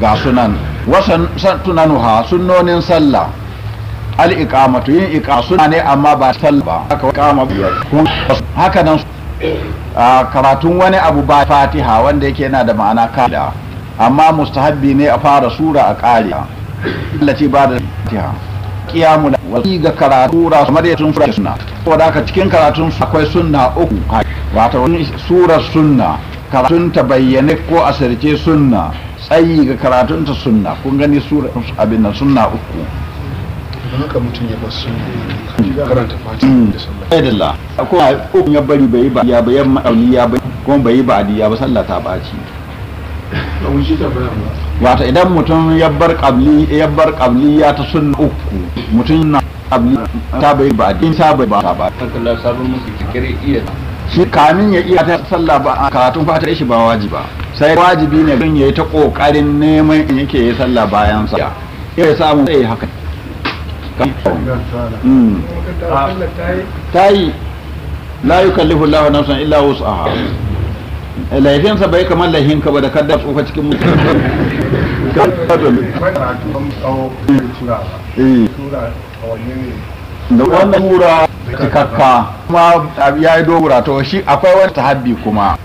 ga sunan wasan tunanuha sunnonin sallah al iqamatu yin iƙa suna ne amma ba sallah ba haka iqama biyar haka nan karatun wani abu ba fatiha wanda yake yana da ma'ana kada amma mustahabbi ne a fara sura a kare lati ba da fatiha kiyamu da wasi ga karatu ra su ya sun fura suna. saboda haka cikin karatun akwai suna uku wata wani sura suna. karatun ta bayyane ko asirce suna. tsayi ga karatunta sunna kun gani sura abin nan sunna uku haka mutum ya basu mm. karanta fatiha mm. da sallah ayyadalla akwai uku ya bari bai ba ya bayan ma'auli ya bai kuma bai ba adiya ba sallah ta baci wata idan mutum ya bar qabli ya bar qabli ya ta sunna uku mutum na qabli ta bai ba din ta bai ba ta ba Allah sabon musu kikire iya shi kamin ya iya ta sallah ba karatun fatiha shi ba ba. sai wajibi ne gan yayi ta kokarin neman in yake yi sallah bayan sa ya samu sai haka hmm. ta yi la yukallifu Allahu nafsan illa wus'aha laifinsa bai kamar laifin ka ba da kaddar tsofa cikin mutane da wannan tura cikakka kuma ya yi dogura to shi akwai wani habbi kuma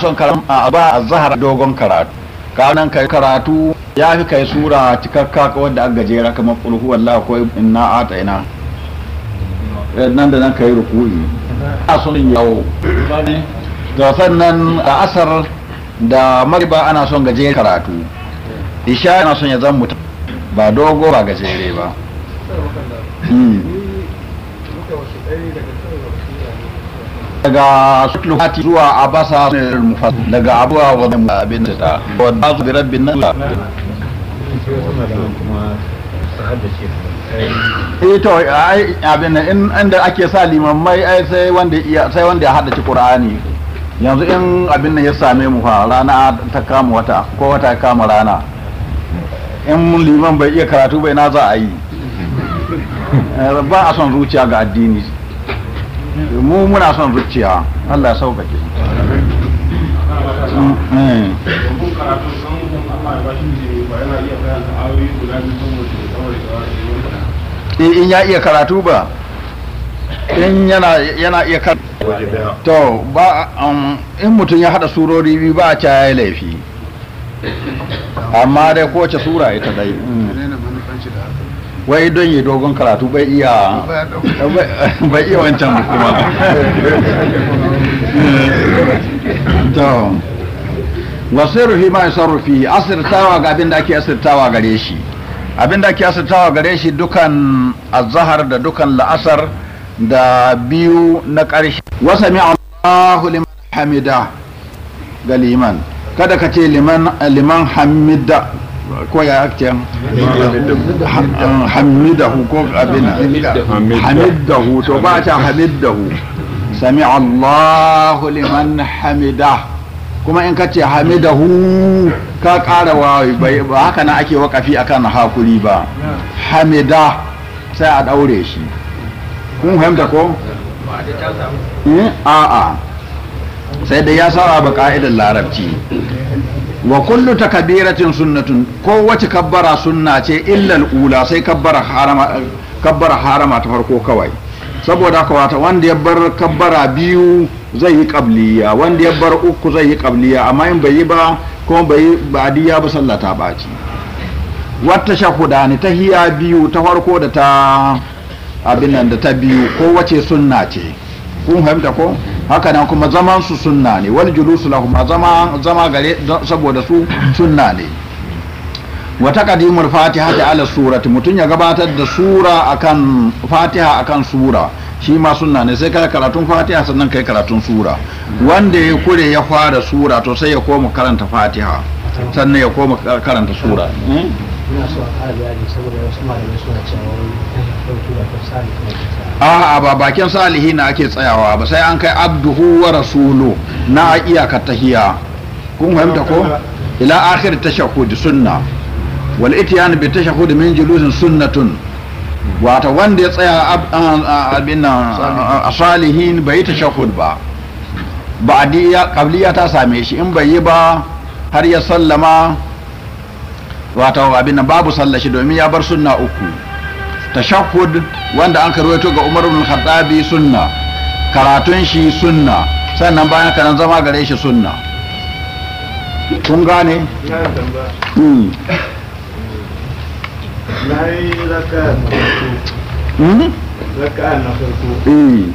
son karam a ba a zahar dogon karatu kanan kai karatu ya fi kai sura cikakka wanda an gajera kamar kulhu wallahu ko inna ata ina eh, nan da nan kai rukuyi a sunin yawo Da sannan a asar da mariba ana son gajeren karatu isha ana son ya zan mutum ba dogo ba gajere ba hmm. daga hati zuwa a abasa sunar mufas daga abuwa wadda mu abin da ta wadda su bi rabbin nan da ito eh, ai abin nan inda ake sa limammai ai sai wanda ya sai wanda ya haddace qur'ani yanzu in abin nan ya same mu fa rana ta kama wata ko wata kama rana in liman bai iya karatu bai na za a yi eh, ba a son zuciya ga addini mu muna son zuciya Allah ya sauƙaƙe in ya iya karatu ba in yana iya kar to ba um, in mutum ya hada surori biyu ba a caya laifi amma dai kowace sura ita dai mm. wai don yi dogon karatu bai iya bai iya wancan ba kuma to wasiruhi ma sarrufi asirtawa ga abin da ake asirtawa gare shi abin da ake asirtawa gare shi dukan azhar da dukan la'asar da biyu na ƙarshe wasa mi Allahu liman hamida ga liman kada ka ce liman hamida ko ya akcin hamidahu ko abin hamidahu to ba ta hamidahu sami allahu liman hamida kuma in ka ce hamidahu ka ƙara wa ba haka na ake wakafi akan hakuri ba hamida sai a ɗaure shi kun fahimta ko? Eh, a'a sai da ya sa'a ba ka'idar larabci wa kullu takbiratin sunnatun ko wace kabbara sunna ce illal ula sai kabbara harama kabbara harama ta farko kawai saboda haka wata wanda ya bar kabbara biyu zai yi qabliya wanda ya bar uku zai yi qabliya amma in bai yi ba ko bai yi ba'diya ba sallata baci wata ta hiya biyu ta farko da ta abin nan da ta biyu ko wace sunna ce kun fahimta ko haka nan kuma zaman su sunna ne wal julusu lahum zama zama gare saboda su sunna ne wa taqdimul fatiha ala surati mutun ya gabatar da sura akan fatiha akan sura shi ma sunna ne sai kai karatun fatiha sannan kai karatun sura wanda ya kure ya fara sura to sai ya koma karanta fatiha sannan ya koma karanta sura hmm? ina so a ƙara bayani saboda wasu malamai suna cewa wani ɗauki da fasali kuma a'a ba bakin salihi na ake tsayawa ba sai an kai abduhu wa rasulu na iyakar tahiya kun fahimta ko ila akhir tashahhud sunna wal ityan bi tashahhud min julusin sunnatun wato wanda ya tsaya abin nan salihin bai tashahhud ba ba'diya qabliya ta same shi in bai yi ba har ya sallama wato abin nan babu sallashi domin ya bar sunna uku tashahhud wanda an karwaito ga Umar bin Khattabi sunna karatun shi sunna sannan bayan kanan zama gare shi sunna kun gane hmm. na farko hmm? hmm.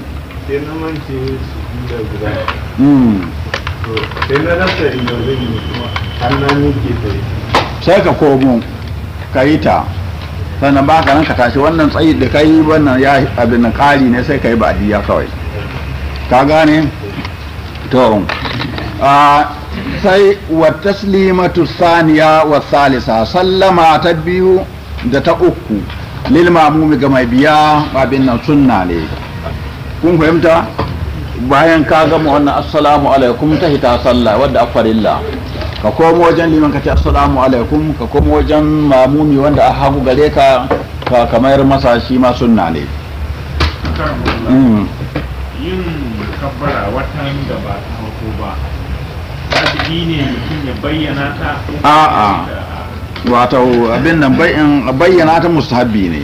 sai na ɗin da sai na yi na sai ka komo ka yi ta sannan ba ka nan ka tashi wannan tsayi da kai wannan ya abin kari ne sai ka yi ba'adiyya kawai ka gane to sai wa taslimatu saniya wa salisa sallama ta biyu da ta uku lil mamumi ga mai biya abin nan sunna ne kun fahimta bayan ka gama wannan assalamu alaikum ta hita sallah wadda akwarilla ka komo wajen liman ka ce assalamu alaikum ka komo wajen mamumi wanda a hagu gare ka ka kamar masa shi ma sunna ne hmm. Hmm. yin kabbara watan da ba ta hako ba wajibi ne mutum ya bayyana ta a'a wato abin nan bayyana ta mustahabbi ne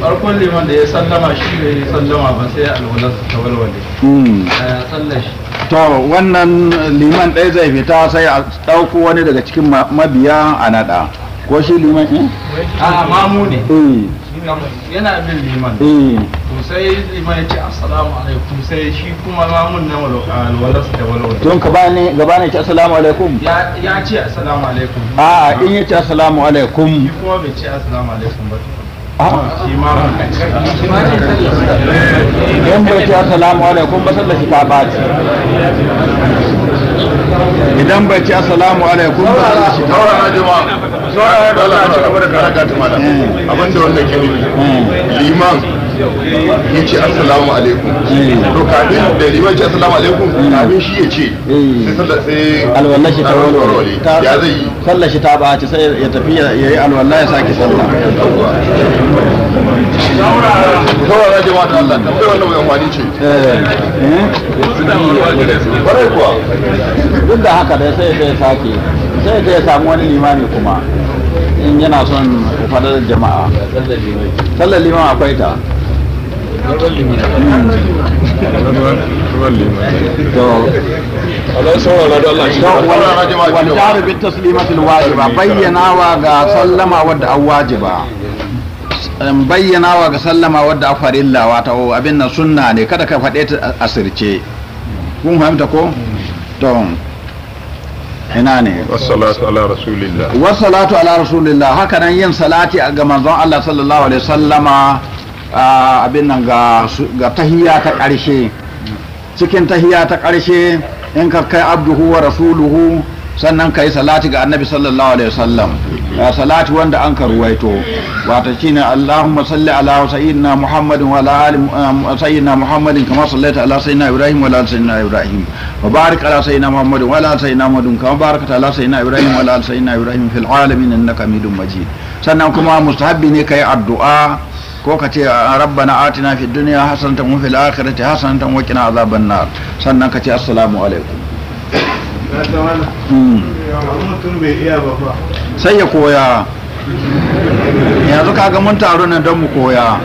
farkon liman da ya sallama shi bai yi sallama ba sai alwalar ta walwale hmm. to wannan liman ɗaya zai fita sai a ɗauko wani daga cikin mabiya a naɗa ko shi liman ɗin? a mamu ne hmm. yana bin liman hmm. to sai liman ya ce assalamu alaikum sai shi kuma mamun na su ta walwale don gabane gabane ce assalamu alaikum ya ce assalamu alaikum a in ya ce assalamu alaikum shi kuma bai ce assalamu alaikum ba in bai ce assalamu alaikum ba sallar shi ta baci idan bai ce assalamu alaikum ba sallar shi ta baci ci ta malam ya ce assalamu alaikum to kafin da liman ce assalamu alaikum kafin shi ya ce sai shi ta wani ya zai yi sallah shi ta baci sai ya tafi ya yi alwallah ya sake sallah saurara jama'a ta Allah tambayar wannan mai amfani ce eh, eh. kwarai kuwa duk da haka dai sai ya sake sai ya samu wani limami kuma in yana son fadar jama'a sallar liman akwai ta والجار بالتسليمة الواجبة بينا وغا سلم ود واجبة bayyana wa ga sallama wadda a farilla wata abin nan sunna ne kada ka faɗe ta asirce kun fahimta ko don ina ne wassalatu ala rasulillah wassalatu ala rasulillah haka nan yin salati ga manzon Allah sallallahu alaihi wasallama abin nan ga tahiya ta ƙarshe cikin tahiya ta ƙarshe in ka kai abduhu wa rasuluhu sannan ka yi salati ga annabi sallallahu alaihi wasallam salati wanda an ka ruwaito wata shi ne allahumma salli ala sayyidina muhammadin wa ala ali um, sayyidina muhammadin kama sallaita ala sayyidina ibrahim wa ala sayyidina ibrahim wa barik ala sayyidina muhammadin wa ala sayyidina muhammadin kama barakata ala sayyidina ibrahim wa ala sayyidina ibrahim fil alamin innaka hamidum majid sannan kuma mustahabbi ne kai addu'a ko ka ce a rabbana atina fid ta hasanatan wa fil akhirati hasanatan wa qina azaban nar sannan ka ce assalamu alaikum hmm. sai ya koya yanzu kaga mun taru ne don mu koya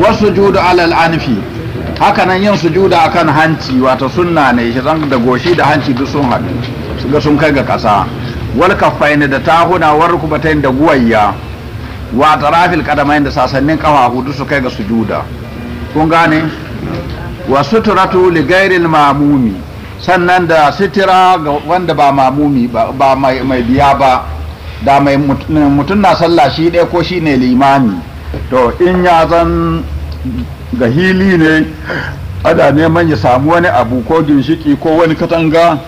wasu judu alal anfi haka nan yin sujuda akan hanci wata sunna ne shi zan da goshi da hanci duk sun haɗu su ga sun kai ga ƙasa wal kaffaini da tahuna war kubatain da guwayya wa tarafil kadamain da sasannin kawa hudu su kai ga sujuda kun gane wa suturatu li ghairil mamumi sannan da sitira wanda ba mamumi ba mai biya ba da mai mutum na sallah shi ɗaya ko shi ne limami to in ya zan ga hili ne ada neman ya samu wani abu ko ginshiki ko wani katanga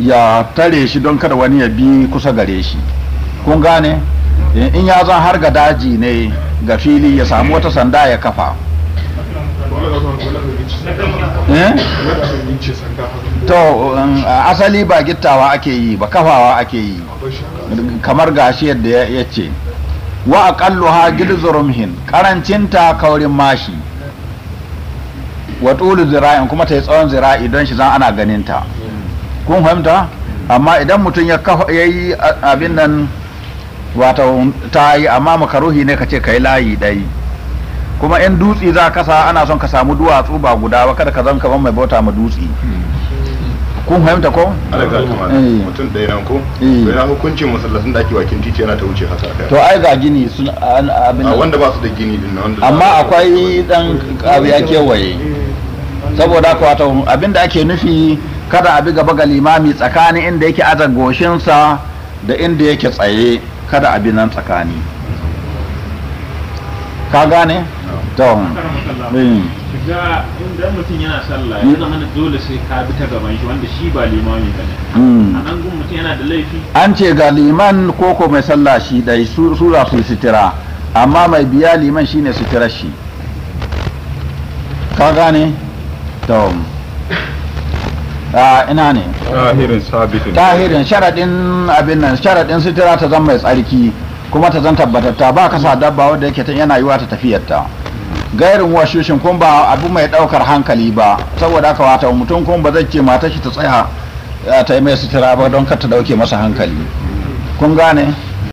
ya tare shi don kada wani ya bi kusa gare shi kun gane Eh, in ya zan har ga daji ne ga fili ya samu wata sanda ya kafa eh? to um, asali ba gittawa ake yi ba kafawa ake yi kamar gashi yadda ya ce wa aqalluha gilzurumhin ƙarancinta kaurin mashi wa tulu zira'in kuma ta yi tsawon zira'i don shi zan ana ganin ta kun fahimta amma idan mutum ya yi abin nan wato ta yi amma makaruhi ne ka ce ka yi layi ɗai kuma in dutse za ka sa ana son ka samu duwatsu ba guda ba kada ka zanka ban mai bauta ma dutse kun fahimta ko? Eh. mutum ɗaya nan ko? Eh. yana hukuncin masallacin da ake bakin titi yana ta wuce haka to ai ga gini sun abin da wanda ba su da gini din na amma akwai dan abu ya kewaye saboda ka wato abin da ake nufi kada a bi gaba ga limami tsakanin inda yake aza goshinsa da inda yake tsaye kada a bi nan tsakani ka gane don mm. ga inda mutum yana sallah ya zama dole sai ka bi ta gaban shi wanda shi ba limami ba ne mm. a nan gun mutum yana da laifi an ce ga liman koko mai sallah shi dai sura za su sitira amma mai biya liman shine sitirar shi ka gane don Ah, ina ne tahirin sabitin tahirin sharaɗin abin nan sharadin sitira ta zan mai tsarki kuma ta zan tabbatatta ba ka sa dabba wadda yake ta yana yiwa ta tafiyarta gairin washushin kun ba abu mai ɗaukar hankali ba saboda aka wata mutum kun ba zai ce mata shi ta tsaya eh, ta yi mai sitira ba don kar ta dauke masa hankali kun gane